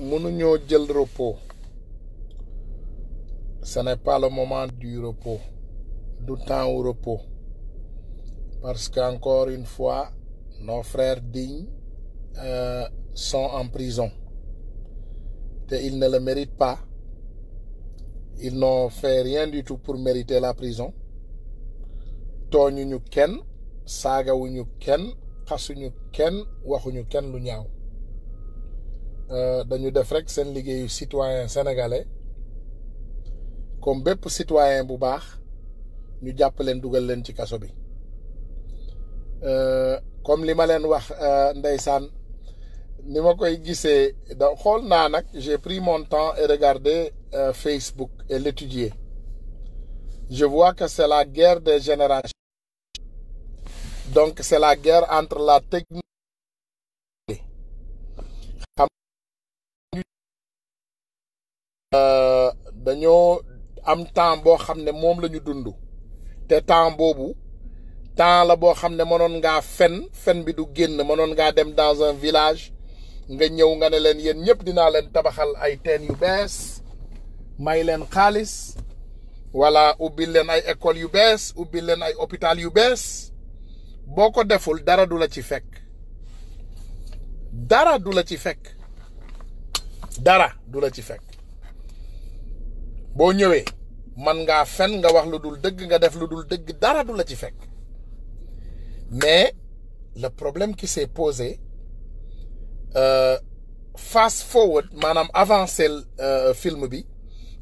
mënuñoo jël repos ce n'est pas le moment du repos du temps au repos parce qu'encore une fois nos frères dignes euh, sont en prison et ils ne le méritent pas ils n'ont fait rien du tout pour mériter la prison lu euh, dañu def rek seen liggéeyu citoyen sénégalais comme bépp citoyen bu baax ñu jàpp leen dugal leen ci kaso bi euh, comme li ma leen wax euh, ndeysaan ni ma koy gisee da xool naa nag j'ai pris mon temps et regardé Facebook et l'étudier je vois que c'est la guerre des générations donc c'est la guerre entre la technique dañoo am temps boo xam ne moom la dundu te temps boobu temps la boo xam ne mënoon ngaa fen fen bi du génn mënoon ngaa dem dans village nga ñëw nga ne leen yéen ñëpp dinaa leen tabaxal ay teen yu bees may leen xaalis wala ubbil leen ay école yu bees ubbil leen ay hôpital yu bees boo ko deful dara du la ci fekk dara du la ci fekk dara du la ci fekk boo ñëwee man ngaa fen nga wax lu dul dëgg nga def lu dul dëgg dara du la ci fekk mais le problème qui s'est posé euh, fast forward maanaam avancé euh, film bi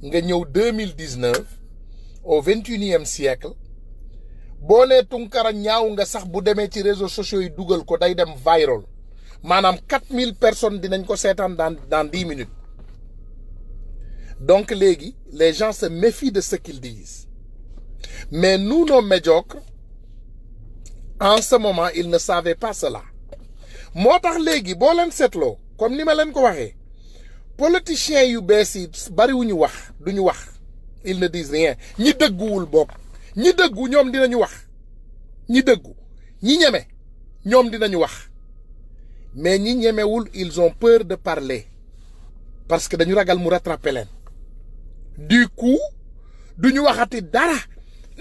nga en 2019 au 21e siècle boo nee tunkara ñaaw nga sax bu demee ci réseaux sociaux yi dugal ko day dem viral maanaam 4000 personnes dinañ ko seetaan dans dans 10 minutes donc, les, gens se méfient de ce qu'ils disent. Mais nous, nos médiocres, en ce moment, ils ne savaient pas cela. Moi, tax léegi boo leen comme ni ma leen ko politiciens yu bees yi Ils wax duñu wax ils ne disent rien ñi dëgguwul bopp ñi dëggu ñoom dinañu wax ñi dëggu ñi ñeme ñoom dinañu wax mais ñi ñemewul ils ont peur de parler parce que nous ragal mu rattraper du coup du pas waxati dara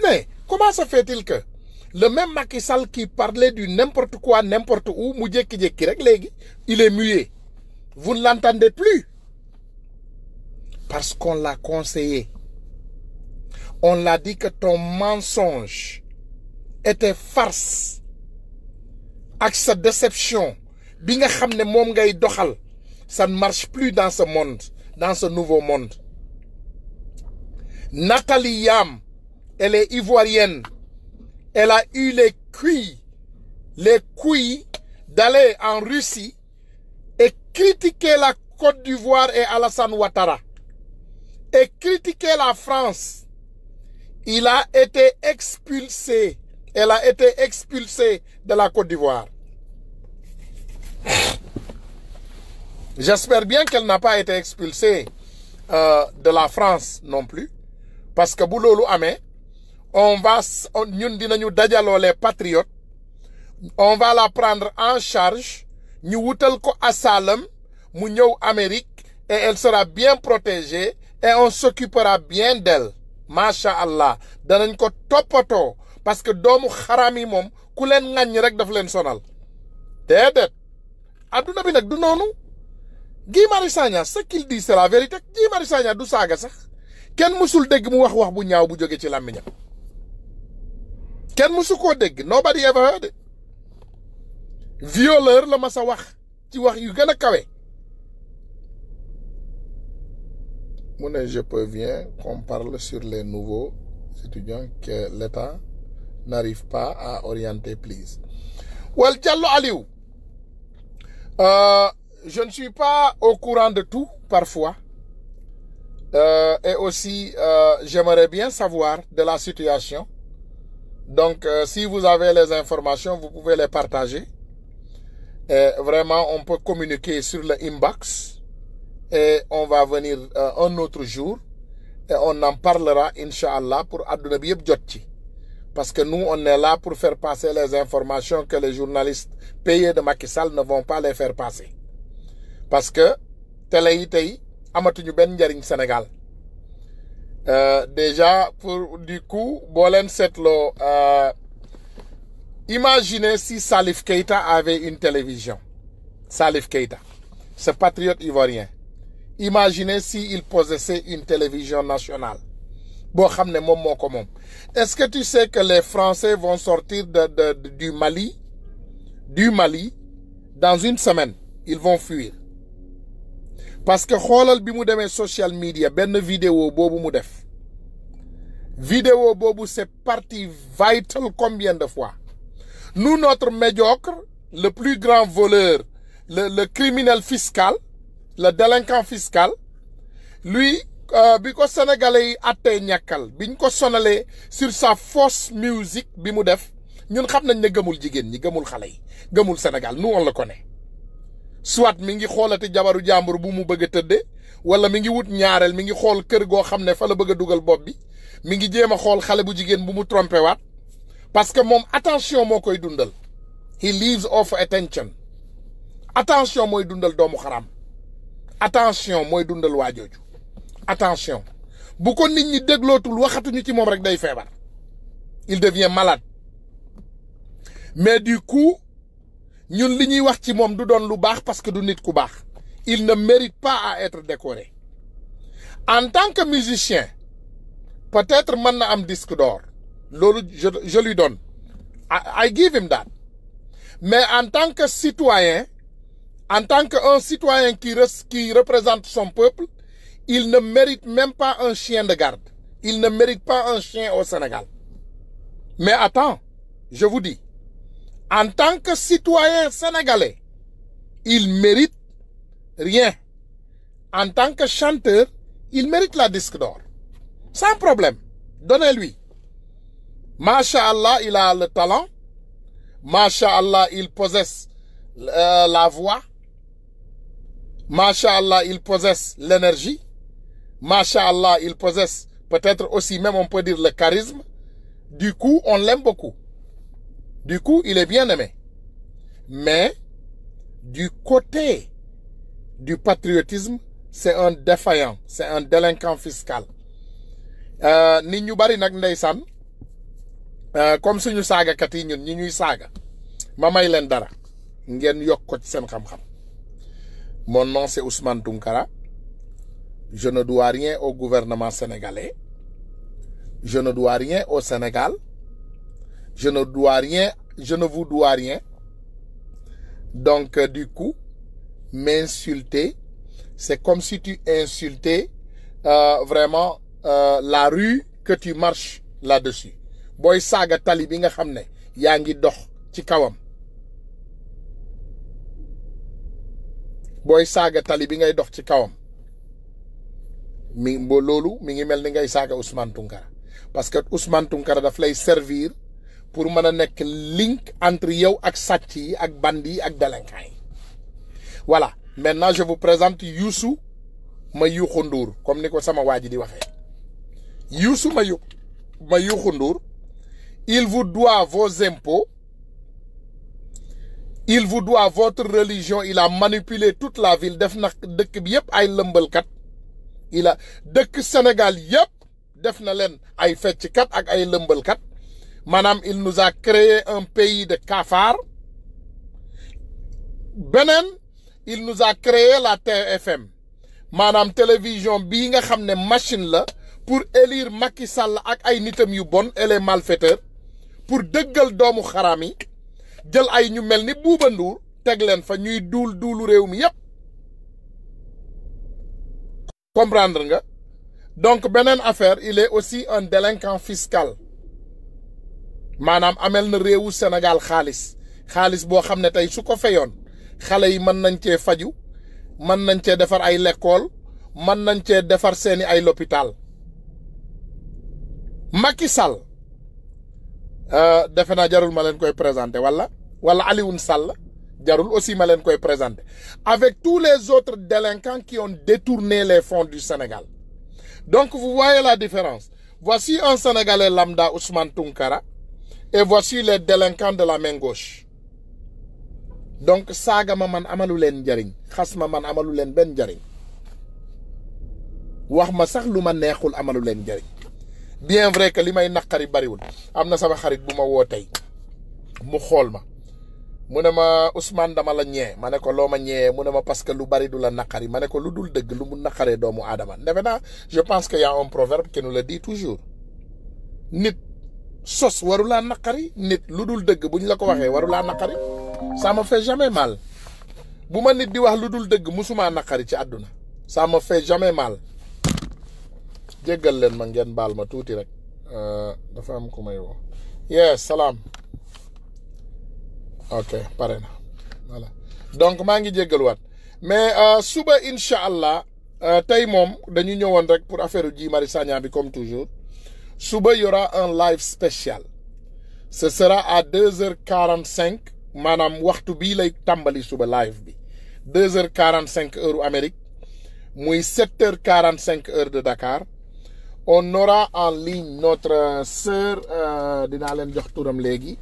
mais comment se fait-il que le même Macky qui parlait du n'importe quoi n'importe où il est muet vous ne l'entendez plus parce qu'on l'a conseillé on l'a dit que ton mensonge était farce Avec sa déception ne ça ne marche plus dans ce monde dans ce nouveau monde Nathalie Yam, elle est ivoirienne. Elle a eu les couilles, les couilles d'aller en Russie et critiquer la Côte d'Ivoire et Alassane Ouattara. Et critiquer la France. Il a été expulsé. Elle a été expulsée de la Côte d'Ivoire. J'espère bien qu'elle n'a pas été expulsée euh, de la France non plus parce que bu lolou amé on va ñun dinañu dajaloo les patriotes on va la prendre en charge ñu wutal ko asylum mu ñew Amérique et elle sera bien protégée et on s'occupera bien d'elle MashaAllah, allah danañ ko topato, parce que doomu kharami mom ku len ŋàññ rek daf len sonal déedéet aduna bi nak du noonu Guy ce qu'il dit c'est la vérité Guy du saga sax Ken musul dégg mu wax wax bu ñaaw bu jóge ci lamiña. nobody ever heard it violeur la ma wax ci wax yu gëna kawé. kawe je préviens qu'on parle sur les nouveaux étudiants que l'État n'arrive pas à orienter please wal Diallo Aliou euh, je ne suis pas au courant de tout parfois euh, et aussi, euh, j'aimerais bien savoir de la situation. Donc, euh, si vous avez les informations, vous pouvez les partager. Et vraiment, on peut communiquer sur le inbox. Et on va venir euh, un autre jour. Et on en parlera, Inch'Allah, pour Aduna Jotchi. Parce que nous, on est là pour faire passer les informations que les journalistes payés de Macky Sall ne vont pas les faire passer. Parce que, télé amatuñu venu Sénégal euh, déjà pour du coup euh, imaginez si Salif Keita avait une télévision Salif Keita ce patriote ivoirien imaginez si il une télévision nationale est-ce que tu sais que les Français vont sortir de du Mali du Mali dans une semaine ils vont fuir parce que xolal bi mu demee social media ben vidéo bobu mu def vidéo bobu c'est parti vital combien de fois nous notre médiocre le plus grand voleur le le criminel fiscal le délinquant fiscal lui euh, biko sénégalais yi ñakal, biñ ko sonalé sur sa fausse musique bi mu def ñun xam nañ ne gëmul jigen ñi gëmul xalé, Sénégal nous on le connaît soit mi ngi xoolati jabaru jàmbur bu mu bëgg a wala mi ngi wut ñaareel mi ngi xool kër goo xam fa la bëgg a dugal bi mi ngi jéem a xool bu bu mu waat parce que moom attention moo koy dundal he lives off attention attention mooy dundal doomu xaram attention mooy dundal waa attention bu ko nit ñi déglootul waxatuñu ci mom rek day feebar il devient malade mais du coup parce que il ne mérite pas à être décoré en tant que musicien peut-être mën disque d'or je lui donne I, give him that mais en tant que citoyen en tant que un citoyen qui représente son peuple il ne mérite même pas un chien de garde il ne mérite pas un chien au Sénégal mais attends je vous dis en tant que citoyen sénégalais, il mérite rien. En tant que chanteur, il mérite la disque d'or. Sans problème. Donnez-lui. Masha'Allah, il a le talent. Masha'Allah, il possède euh, la voix. Masha'Allah, il possède l'énergie. Masha'Allah, il possède peut-être aussi même, on peut dire, le charisme. Du coup, on l'aime beaucoup. Du coup, il est bien aimé. Mais, du côté du patriotisme, c'est un défaillant, c'est un délinquant fiscal. Euh, ni ñu bari nag euh, comme suñu saga. Mama ñun ñi ñuy saga. ma may len dara ko ci xam mon nom c'est Ousmane Tunkara. je ne dois rien au gouvernement sénégalais je ne dois rien au Sénégal je ne dois rien, je ne vous dois rien. Donc, euh, du coup, m'insulter, c'est comme si tu insultais euh, vraiment euh, la rue que tu marches là-dessus. Boy saga tali bi nga xamné ya ngi dox ci kawam. Boy saga tali bi ngay dox ci kawam. Mi bo lolu mi ngi melni ngay saga Ousmane parce que Ousmane Tunkara da fay servir pour me a le link entre yow ak et les ak bandi ak voilà maintenant je vous présente Youssou Mayou Kondour. comme niko sama di Youssou Mayou Mayou il vous doit vos impôts il vous doit votre religion il a manipulé toute la ville def na le bi yep ay il a manipulé Sénégal yep def na len ay kat ak ay Madame, il nous a créé un pays de cafards Benen, il nous a créé la TFM Madame, télévision Binga nga xam machine la pour élire Macky Sall ak ay nitam yu bon et les malfaiteurs pour dëggal doomu kharami, djel ay ñu melni Bouba Ndour fa ñuy comprendre nga donc benen affaire il est aussi un délinquant fiscal manam amel na réewu Sénégal khalis khalis boo xam ne tey su ko feyoon xale yi mën nañ cee faju mën nañ cee defar ay lekkool mën nañ cee defar seeni ay euh, jarul ma koy présenter wala wala Alioune sal jarul aussi ma leen koy présenter avec tous les autres délinquants qui ont détourné les fonds du Sénégal donc vous voyez la différence voici un Sénégalais lambda Ousmane Tunkara et voici les délinquants de la main gauche donc saga ma man amalu leen njariñ xas ma man amalu ma sax nekhul amalulen bien vrai que l'imay nakari bariwul Amna sama kharit bu ma ma mu ma Ousmane dama la ñee ma ko loma parce que bari du la nakari, ma ko lu dul dëgg lu mu nakare doomu je pense que y a un proverbe qui nous le dit toujours nit sos warula nakari nit ludul deug buñ la ko waxee warula nakari ça me fait jamais mal buma nit di wax lu deug musuma nakari ci aduna ça me fait jamais mal djegal len ma ngeen bal ma touti rek euh, dafa am ku may yes salam ok pare na voilà donc ma ngi wat mais euh, suba incha euh, tay mom dañu ñëwon rek pour affaire Guy mari Sagna bi comme toujours Suba, il y aura un live spécial. Ce sera à 2h45. Madame bi lay tambali le live bi. 2h45 heure Amérique. Moi, 7h45 heure de Dakar. On aura en ligne notre sœur, euh, dina len jox Legi.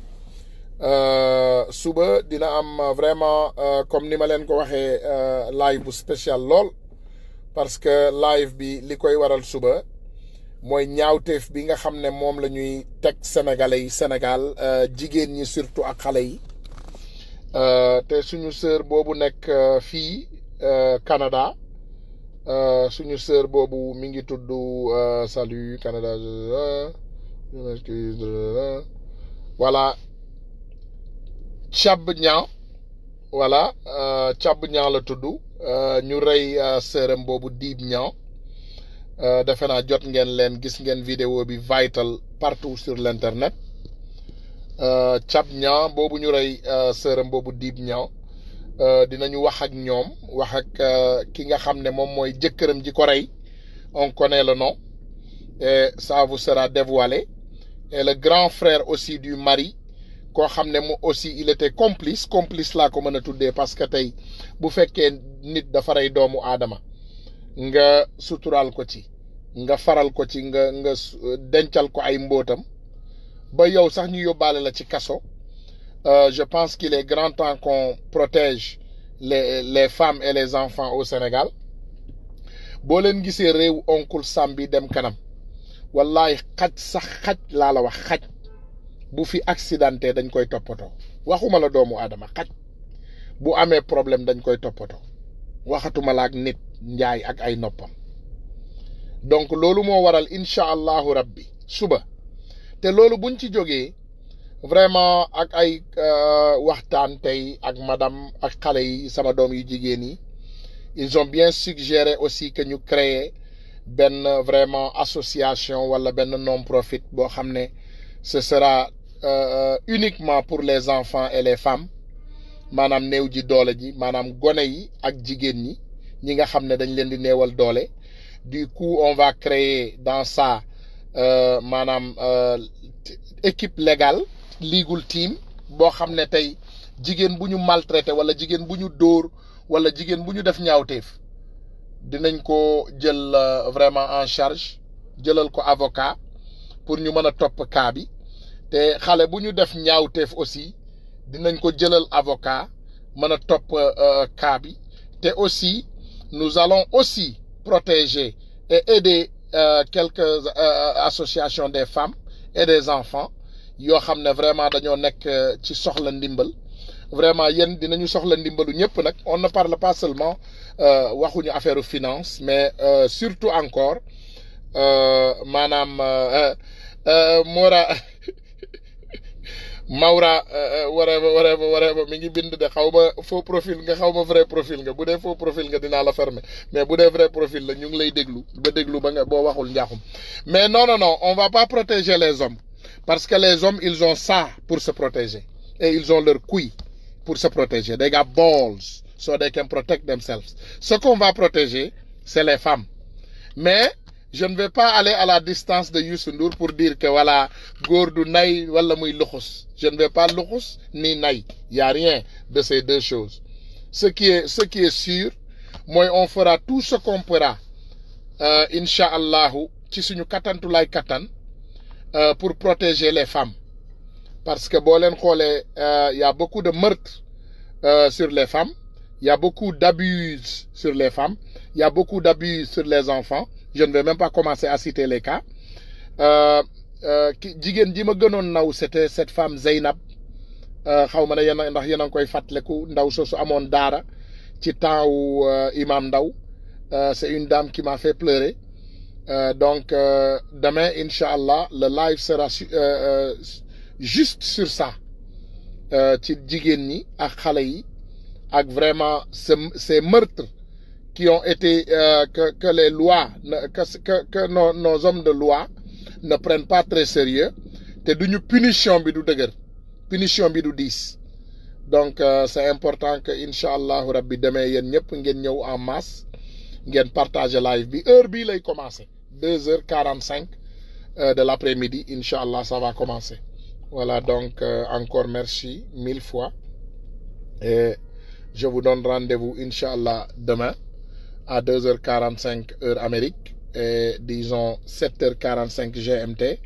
Euh, suba dina vraiment euh, comme ni ma ko euh, live spécial lol parce que live bi l'ikoy waral suba mooy ñaawteef bi nga xam ne moom la ñuy teg sénégalais yi Sénégal euh, jigéen ñi surtout ak xale yi euh, te suñu sœur boobu nekk euh, fii Canada suñu sœur boobu mi ngi tudd salut Canada voilà cab ñaaw wala cab ñaaw la tudd ñu rey sœuram boobu diib ñaaw Euh, defe naa jot ngeen leen gis ngeen vidéo bi vital partout sur l' internet euh, Cap ñaa boobu ñu rey euh, sërëm boobu diib ñaa dinañu wax ak ñoom wax ak ki nga xam ne moom ji ko on connaît le nom et ça vous sera dévoilé et le grand frère aussi du mari koo xam ne aussi il était complice complice laa ko mën a tuddee parce que tey bu fekkee nit dafa rey doomu aadama nga sutural ko ci nga faral ko ci nga nga dencal ko ay mbóotam ba yow sax ñu yóbbaale la ci kaso euh, je pense qu'il est grand temps qu'on protège les les femmes et les enfants au Sénégal boo leen gisee réew oncle Sam bi dem kanam wallahi xaj sax xaj laa la wax xaj bu fi accidenté dañ koy toppatoo waxuma la doomu aadama xaj bu amee problème dañ koy toppatoo waxatuma la ak nit njaay ak ay noppam donc loolu moo waral inshallah allahu rabbi suba te loolu buñ ci jógee vraiment ak ay euh, waxtaan tey ak madame ak xale yi sama doom yu jigéen ils ont bien suggéré aussi que ñu créer benn vraiment association wala benn non profit boo xam ce sera euh, uniquement pour les enfants et les femmes maanaam néew ji doole ji maanaam gone yi ak jigéen ñi nga xam ne dañ leen di néewal doole du coup on va créer dans ça euh, maanaam euh, équipe légale legal team boo xam ne tey jigéen bu ñu maltraité wala jigéen bu ñu dóor wala jigéen bu ñu def ñaawteef dinañ ko jël euh, vraiment en charge jëlal ko avocat pour ñu mën a topp cas bi te xale bu ñu def ñaawteef aussi dinañ ko jëlal avocat mën a topp euh, euh, cas bi te aussi nous allons aussi protéger et aider euh, quelques euh, associations des femmes et des enfants yo xamne vraiment dañoo nek euh, ci soxla ndimbal vraiment yene dinañu soxla ndimbalu ñëpp nak on ne parle pas seulement euh, waxuñu affaire finance mais surtout encore madame Mora Mawra euh, euh, whatever whatever whatever mi ngi bind de xawma faux profil nga xawma vrai profil nga bu dee faux profil nga dina la fermer mais bu dee vrai profil la ñu ngi lay déglu ba déglu ba nga bo waxul njaaxum mais non non non on va pas protéger les hommes parce que les hommes ils ont ça pour se protéger et ils ont leur couille pour se protéger they got balls so they can protect themselves ce qu'on va protéger c'est les femmes mais je ne vais pas aller à la distance de Youssou pour dire que voilà Gordou du nay wala muy je ne vais pas luxus ni nay y a rien de ces deux choses ce qui est ce qui est sûr moi on fera tout ce qu'on pourra euh, euh pour protéger les femmes parce que Il il euh, y a beaucoup de meurtres euh, sur les femmes Il y a beaucoup d'abus sur les femmes Il y a beaucoup d'abus sur les enfants je ne vais même pas commencer à citer les cas euh, euh, jigéen ji ma gënoon naw c'était cette femme Zainab. Je euh, ne sais ndax si a ngi ndaw soosu amoon daara Imam c'est une dame qui m'a fait pleurer donc demain Inch'Allah, le live sera juste sur ça ci jigéen ñi ak xale yi ak vraiment ces meurtres qui ont été euh, que, les lois que, nos, hommes de loi ne prennent pas très sérieux té duñu punition bi du punition du donc euh, c'est important que inshallah allahu rabbi demee yéen en masse ngeen partager live bi heure 45 euh, de l'après-midi inshallah ça va commencer voilà donc encore merci mille fois et je vous donne rendez-vous inshallah demain à 2h45 heure Amérique et disons 7h45 GMT.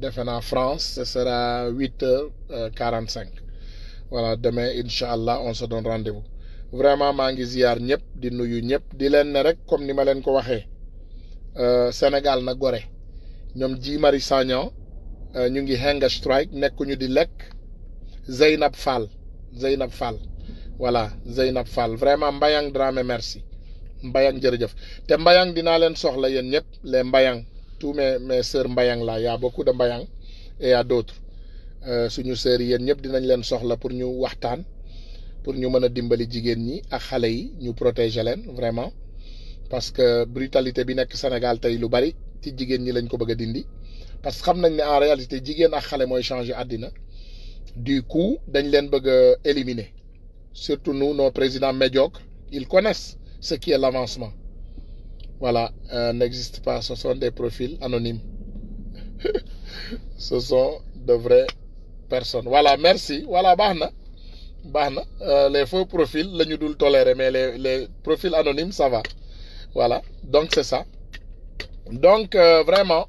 Demain en France, ce sera 8h45. Euh, voilà, demain inch'Allah on se donne rendez-vous. Vraiment mangi tous ziyaar ñëpp di nuyu ñëpp di rek comme ni ma l'ai ko euh, Sénégal na gore ñoom Guy Marius nous euh, ñu ngi hunger strike nekkuñu di lekk Zeynab Fall Zeynab Fall voilà Zeynab Fall vraiment Mbayang drame merci. mbayang jërëjëf te mbayang dinaa leen soxla yéen ñëpp les mbayang tous mes mes sœurs mbayang la y'a beaucoup de mbayang et à d'autres euh, suñu sœurs yéen ñëpp dinañ leen soxla pour ñu waxtaan pour ñu mën dimbali jigéen ñi ak xale yi ñu protéger leen vraiment parce que brutalité bi nekk Sénégal tey lu bari ci jigéen ñi lañ ko bëgg dindi parce que xam nañ ne en réalité jigéen ak xale mooy changer àddina du coup dañ leen bëgg a éliminer surtout nous nos présidents médiocres ils connaissent ce qui est l'avancement. Voilà, euh, n'existe pas. Ce sont des profils anonymes. ce sont de vraies personnes. Voilà, merci. Voilà, Bahna. Bahna. Euh, les faux profils, le nous le tolérer, mais les, profils anonymes, ça va. Voilà, donc c'est ça. Donc, euh, vraiment,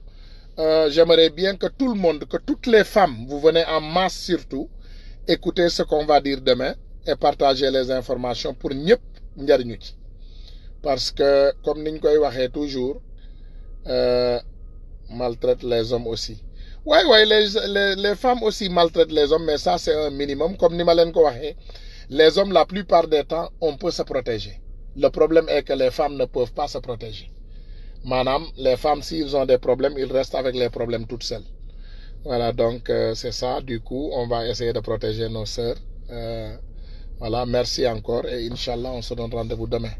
j'aimerais bien que tout le monde, que toutes les femmes, vous venez en masse surtout, écoutez ce qu'on va dire demain et partagez les informations pour n'y njariñu parce que comme niñ koy toujours euh, maltraite les hommes aussi Oui, ouais, les, les femmes aussi maltraitent les hommes mais ça c'est un minimum comme ni ma les hommes la plupart des temps on peut se protéger le problème est que les femmes ne peuvent pas se protéger Madame, les femmes s'ils ont des problèmes ils restent avec les problèmes toutes seules voilà donc euh, c'est ça du coup on va essayer de protéger nos sœurs euh, voilà merci encore et Inch'Allah on se donne rendez-vous demain